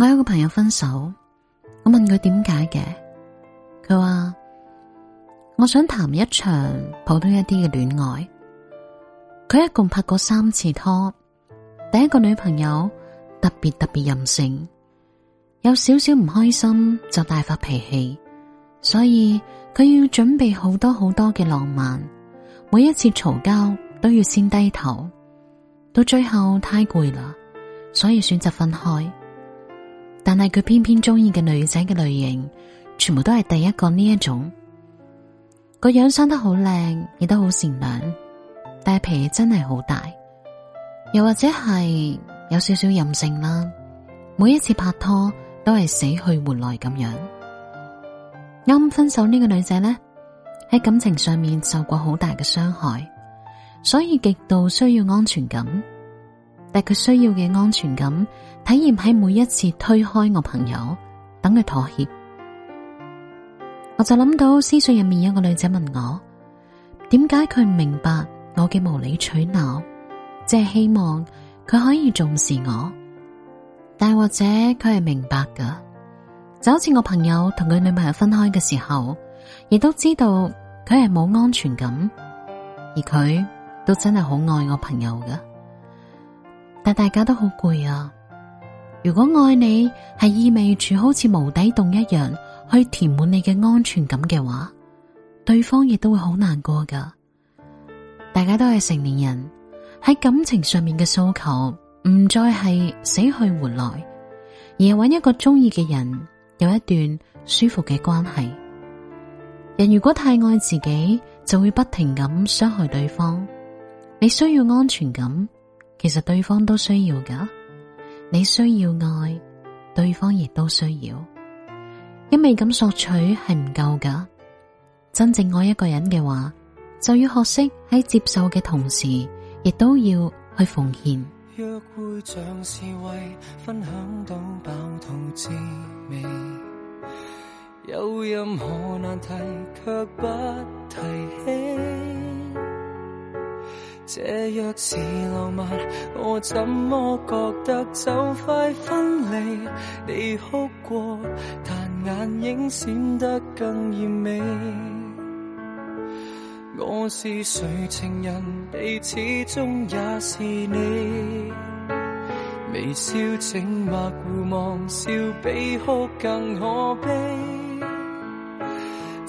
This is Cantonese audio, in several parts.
我有個朋友分手，我問佢點解嘅，佢話：我想談一場普通一啲嘅戀愛。佢一共拍過三次拖，第一個女朋友特別特別任性，有少少唔開心就大發脾氣，所以佢要準備好多好多嘅浪漫，每一次嘈交，都要先低頭，到最後太攰啦，所以選擇分開。但係佢偏偏中意嘅女仔嘅類型，全部都係第一個呢一種。個樣生得好靚，亦都好善良，但係脾氣真係好大。又或者係有少少任性啦。每一次拍拖都係死去活來咁樣。啱分手呢個女仔呢，喺感情上面受過好大嘅傷害，所以極度需要安全感。但佢需要嘅安全感。體驗喺每一次推開我朋友，等佢妥協。我就諗到私信入面有個女仔問我，點解佢唔明白我嘅無理取鬧，即係希望佢可以重視我，但或者佢係明白噶，就好似我朋友同佢女朋友分開嘅時候，亦都知道佢係冇安全感，而佢都真係好愛我朋友噶，但大家都好攰啊！如果愛你係意味住好似無底洞一樣去填滿你嘅安全感嘅話，對方亦都會好難過㗎。大家都係成年人，喺感情上面嘅訴求唔再係死去活來，而係揾一個中意嘅人，有一段舒服嘅關係。人如果太愛自己，就會不停咁傷害對方。你需要安全感，其實對方都需要㗎。你需要愛，對方亦都需要，因為咁索取係唔夠噶。真正愛一個人嘅話，就要學識喺接受嘅同時，亦都要去奉獻。有任何難題，卻不提。這若是浪漫，我怎麼覺得就快分離？你哭過，但眼影閃得更豔美。我是誰情人，你始終也是你。微笑靜默互望，笑比哭更可悲。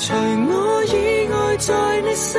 除我以外，在你手。